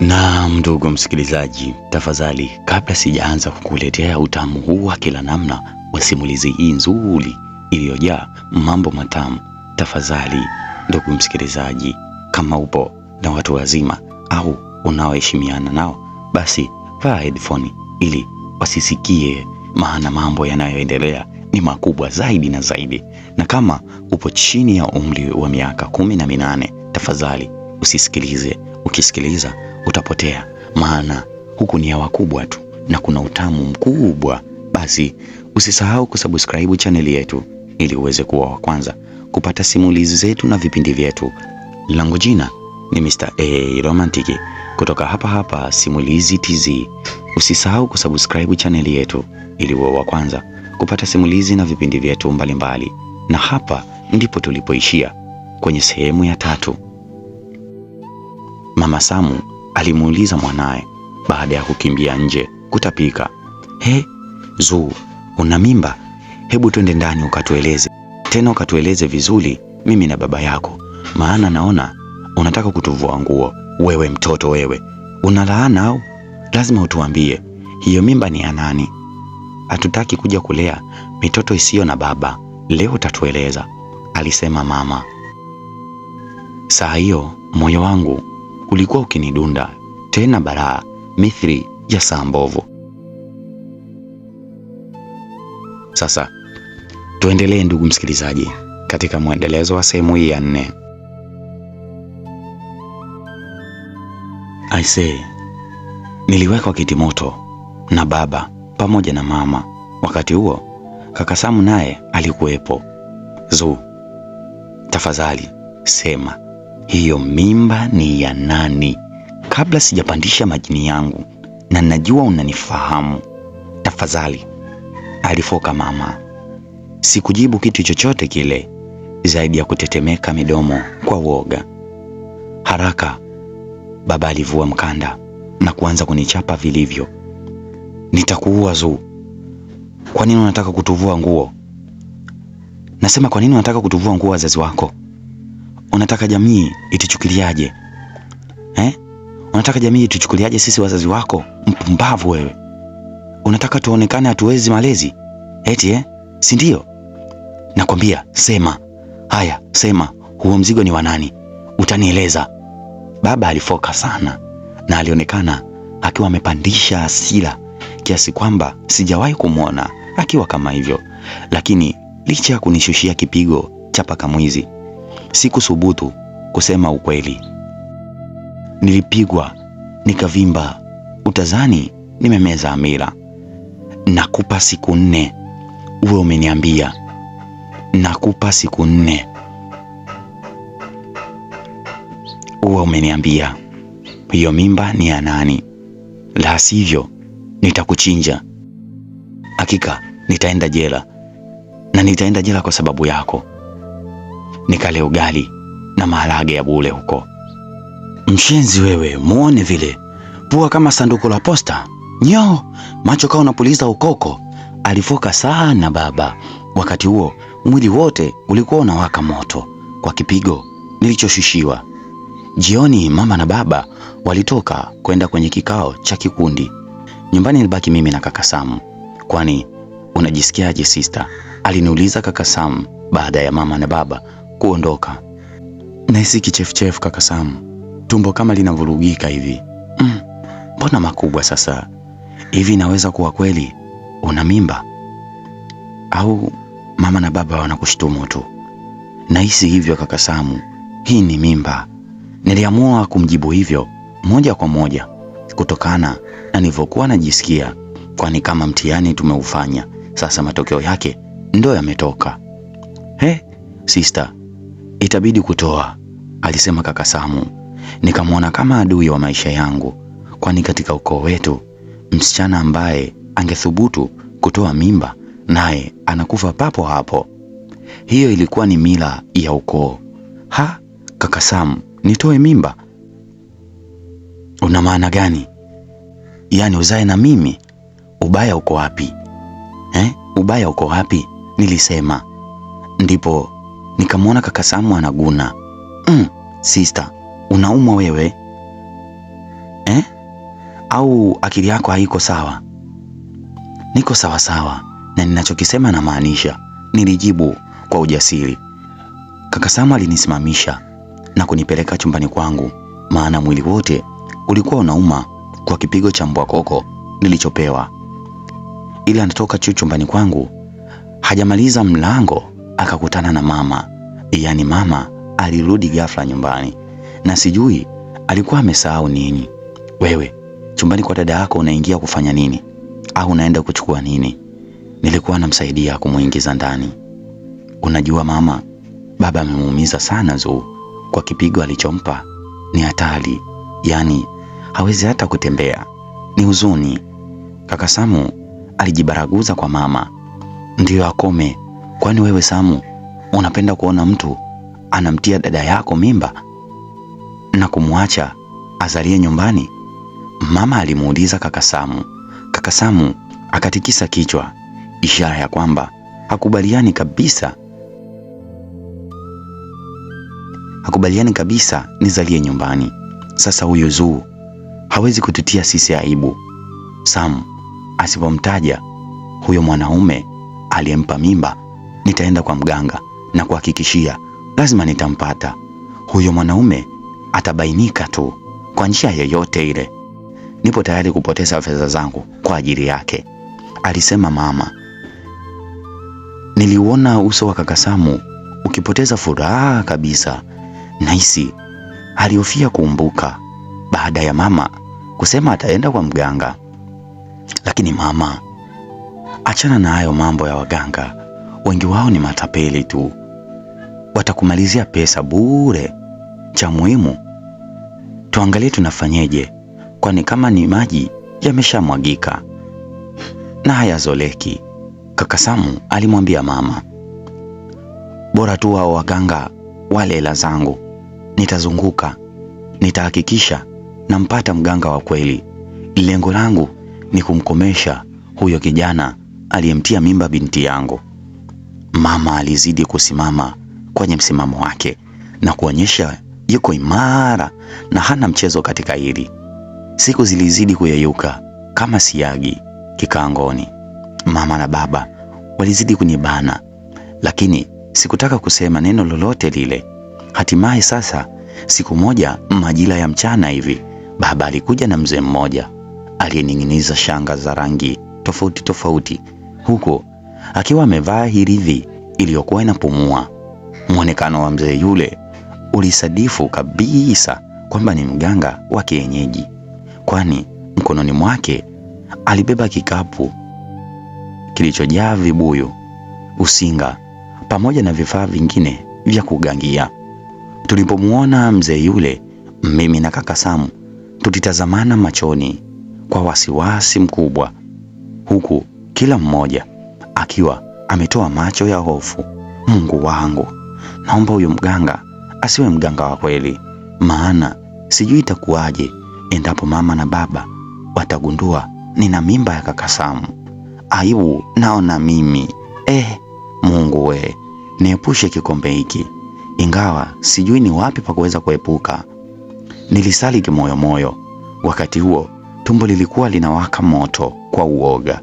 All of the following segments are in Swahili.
Na ndugu msikilizaji, tafadhali, kabla sijaanza kukuletea utamu huu wa kila namna wa simulizi hii nzuri iliyojaa mambo matamu, tafadhali ndugu msikilizaji, kama upo na watu wazima au unaoheshimiana nao, basi vaa headphone ili wasisikie, maana mambo yanayoendelea ni makubwa zaidi na zaidi. Na kama upo chini ya umri wa miaka kumi na minane, tafadhali usisikilize. Ukisikiliza utapotea, maana huku ni ya wakubwa tu na kuna utamu mkubwa. Basi usisahau kusubscribe chaneli yetu ili uweze kuwa wa kwanza kupata simulizi zetu na vipindi vyetu. Langu jina ni Mr. A Romantiki kutoka hapa hapa Simulizi TZ. Usisahau kusubscribe chaneli yetu ili uwe wa kwanza kupata simulizi na vipindi vyetu mbalimbali. Na hapa ndipo tulipoishia kwenye sehemu ya tatu. Mama Samu alimuuliza mwanaye baada ya kukimbia nje kutapika. He, Zuu, una mimba? Hebu twende ndani ukatueleze tena, ukatueleze vizuri mimi na baba yako, maana naona unataka kutuvua nguo. Wewe mtoto wewe, una laana au? Lazima utuambie hiyo mimba ni ya nani? Hatutaki kuja kulea mitoto isiyo na baba. Leo utatueleza, alisema mama. Saa hiyo moyo wangu ulikuwa ukinidunda tena baraa mithri ya saa mbovu. Sasa tuendelee, ndugu msikilizaji, katika mwendelezo wa sehemu hii ya nne. Aisee, niliwekwa kiti moto na baba pamoja na mama. Wakati huo kaka Samu naye alikuwepo. Zu, tafadhali sema hiyo mimba ni ya nani? Kabla sijapandisha majini yangu, na najua unanifahamu, tafadhali, alifoka mama. Sikujibu kitu chochote kile zaidi ya kutetemeka midomo kwa woga. Haraka baba alivua mkanda na kuanza kunichapa vilivyo. Nitakuua Zuu! Kwa nini unataka kutuvua nguo? Nasema, kwa nini unataka kutuvua nguo wazazi wako? unataka jamii ituchukuliaje eh? Unataka jamii ituchukuliaje sisi wazazi wako? Mpumbavu wewe! Unataka tuonekane hatuwezi malezi eti eh? si ndio? Nakwambia sema haya, sema huo mzigo ni wa nani? Utanieleza. Baba alifoka sana na alionekana akiwa amepandisha hasira kiasi kwamba sijawahi kumwona akiwa kama hivyo, lakini licha ya kunishushia kipigo cha paka mwizi Sikuthubutu kusema ukweli. Nilipigwa nikavimba, utazani nimemeza amira. Nakupa siku nne uwe umeniambia, nakupa siku nne uwe umeniambia hiyo mimba ni ya nani, la sivyo nitakuchinja. Hakika nitaenda jela na nitaenda jela kwa sababu yako nikale ugali na maharage ya bule huko. Mshenzi wewe, muone vile pua kama sanduku la posta, nyo macho kawa unapuliza ukoko. Alifoka sana baba. Wakati huo mwili wote ulikuwa unawaka moto kwa kipigo nilichoshushiwa. Jioni mama na baba walitoka kwenda kwenye kikao cha kikundi. Nyumbani nilibaki mimi na kaka Samu. Kwani unajisikiaje sister? Aliniuliza kaka Samu baada ya mama na baba kuondoka. Nahisi kichefuchefu kaka Sam, tumbo kama linavurugika hivi. Mm, mbona mm, makubwa sasa hivi? Inaweza kuwa kweli una mimba au mama na baba wanakushtumu tu? Nahisi hivyo kaka Sam, hii ni mimba. Niliamua kumjibu hivyo moja kwa moja kutokana na nilivyokuwa najisikia, kwani kama mtihani tumeufanya sasa, matokeo yake ndo yametoka. He, sister itabidi kutoa, alisema kaka Samu. Nikamwona kama adui wa maisha yangu, kwani katika ukoo wetu msichana ambaye angethubutu kutoa mimba naye anakufa papo hapo. Hiyo ilikuwa ni mila ya ukoo. Ha, kaka Samu, nitoe mimba? Una maana gani? Yaani uzae na mimi? Ubaya uko wapi eh? Ubaya uko wapi? Nilisema. Ndipo Nikamwona kaka Samu anaguna. Mm, sister, unaumwa wewe eh? Au akili yako haiko sawa? Niko sawa sawa na ninachokisema namaanisha, nilijibu kwa ujasiri. Kaka Samu alinisimamisha na kunipeleka chumbani kwangu, maana mwili wote ulikuwa unauma kwa kipigo cha mbwa koko nilichopewa. Ili anatoka chu chumbani kwangu hajamaliza mlango akakutana na mama yaani mama alirudi ghafla nyumbani na sijui alikuwa amesahau nini. Wewe chumbani kwa dada yako unaingia kufanya nini? Au unaenda kuchukua nini? Nilikuwa namsaidia kumuingiza ndani. Unajua mama, baba amemuumiza sana Zuu kwa kipigo alichompa, ni hatari, yaani hawezi hata kutembea, ni huzuni. Kaka Samu alijibaraguza kwa mama, ndiyo akome. Kwani wewe Samu unapenda kuona mtu anamtia dada yako mimba na kumwacha azalie nyumbani? Mama alimuuliza kaka Samu. Kaka Samu akatikisa kichwa, ishara ya kwamba hakubaliani kabisa, hakubaliani kabisa nizalie nyumbani. Sasa huyu Zuu hawezi kututia sisi aibu. Samu asipomtaja huyo mwanaume aliyempa mimba, nitaenda kwa mganga na kuhakikishia lazima nitampata huyo mwanaume, atabainika tu kwa njia yoyote ile. Nipo tayari kupoteza fedha zangu kwa ajili yake, alisema mama. Niliuona uso wa kaka Samu ukipoteza furaha kabisa. Naisi alihofia kuumbuka baada ya mama kusema ataenda kwa mganga. Lakini mama, achana na hayo mambo ya waganga, wengi wao ni matapeli tu watakumalizia pesa bure. Cha muhimu tuangalie tunafanyeje, kwani kama ni maji yameshamwagika na hayazoleki. Kaka Samu alimwambia mama, bora tu wao waganga wale hela zangu, nitazunguka, nitahakikisha nampata mganga wa kweli. Lengo langu ni kumkomesha huyo kijana aliyemtia mimba binti yangu. Mama alizidi kusimama kwenye msimamo wake na kuonyesha yuko imara na hana mchezo katika hili. Siku zilizidi kuyeyuka kama siagi kikaangoni. Mama na baba walizidi kunibana, lakini sikutaka kusema neno lolote lile. Hatimaye sasa, siku moja majira ya mchana hivi, baba alikuja na mzee mmoja aliyening'iniza shanga za rangi tofauti tofauti, huku akiwa amevaa hiridhi iliyokuwa inapumua. Mwonekano wa mzee yule ulisadifu kabisa kwamba ni mganga wa kienyeji, kwani mkononi mwake alibeba kikapu kilichojaa vibuyu, usinga pamoja na vifaa vingine vya kugangia. Tulipomwona mzee yule, mimi na kaka Samu tulitazamana machoni kwa wasiwasi mkubwa, huku kila mmoja akiwa ametoa macho ya hofu. Mungu wangu! Naomba huyo mganga asiwe mganga wa kweli, maana sijui itakuwaje endapo mama na baba watagundua nina mimba ya kaka Samu. Aibu naona mimi eh. Mungu we, niepushe kikombe hiki, ingawa sijui ni wapi pa kuweza kuepuka. Nilisali kimoyomoyo. Wakati huo tumbo lilikuwa linawaka moto kwa uoga.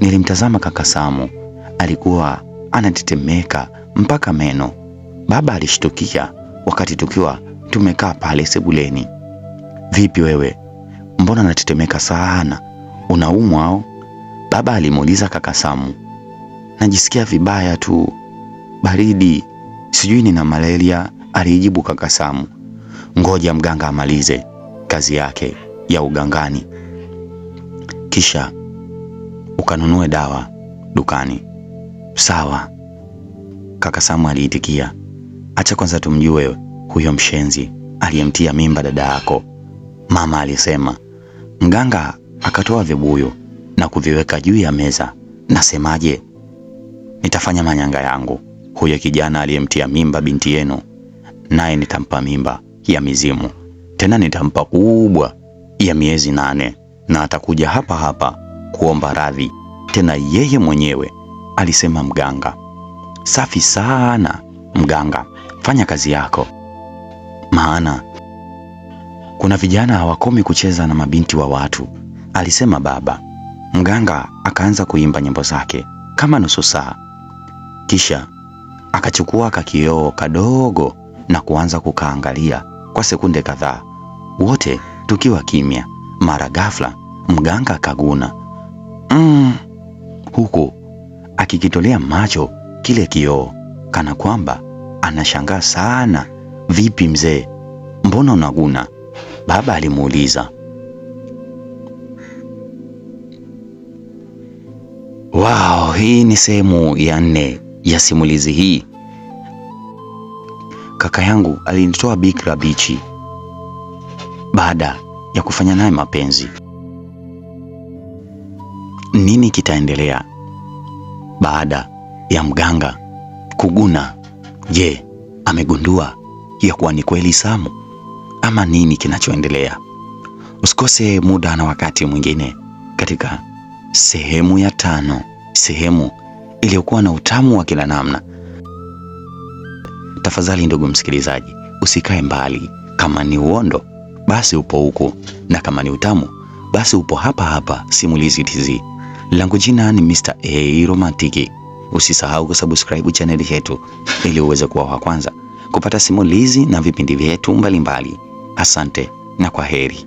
Nilimtazama kaka Samu, alikuwa anatetemeka mpaka meno Baba alishtukia wakati tukiwa tumekaa pale sebuleni. Vipi wewe, mbona unatetemeka sana, unaumwa au? Baba alimuuliza kaka Samu. Najisikia vibaya tu, baridi, sijui nina malaria, alijibu kaka Samu. Ngoja mganga amalize kazi yake ya ugangani, kisha ukanunue dawa dukani. Sawa, kaka Samu aliitikia acha kwanza tumjue huyo mshenzi aliyemtia mimba dada yako, mama alisema. Mganga akatoa vibuyu na kuviweka juu ya meza. Nasemaje? Nitafanya manyanga yangu. Huyo kijana aliyemtia mimba binti yenu, naye nitampa mimba ya mizimu, tena nitampa kubwa ya miezi nane, na atakuja hapa hapa kuomba radhi, tena yeye mwenyewe, alisema mganga. Safi sana mganga fanya kazi yako, maana kuna vijana hawakomi kucheza na mabinti wa watu, alisema baba. Mganga akaanza kuimba nyimbo zake kama nusu saa, kisha akachukua kakioo kadogo na kuanza kukaangalia kwa sekunde kadhaa, wote tukiwa kimya. Mara ghafla mganga akaguna mm, huku akikitolea macho kile kioo kana kwamba anashangaa sana. Vipi mzee, mbona unaguna? Baba alimuuliza. Wow, hii ni sehemu ya nne ya simulizi hii. Kaka yangu alinitoa bikra bichi baada ya kufanya naye mapenzi. Nini kitaendelea baada ya mganga kuguna Je, amegundua ya kuwa ni kweli Samu ama nini kinachoendelea? Usikose muda na wakati mwingine katika sehemu ya tano, sehemu iliyokuwa na utamu wa kila namna. Tafadhali ndugu msikilizaji, usikae mbali. Kama ni uondo, basi upo huku, na kama ni utamu, basi upo hapa hapa Simulizi Tz. Langu jina ni Mr. A Romantiki. Usisahau kusubscribe chaneli yetu ili uweze kuwa wa kwanza kupata simulizi na vipindi vyetu mbalimbali. Asante na kwa heri.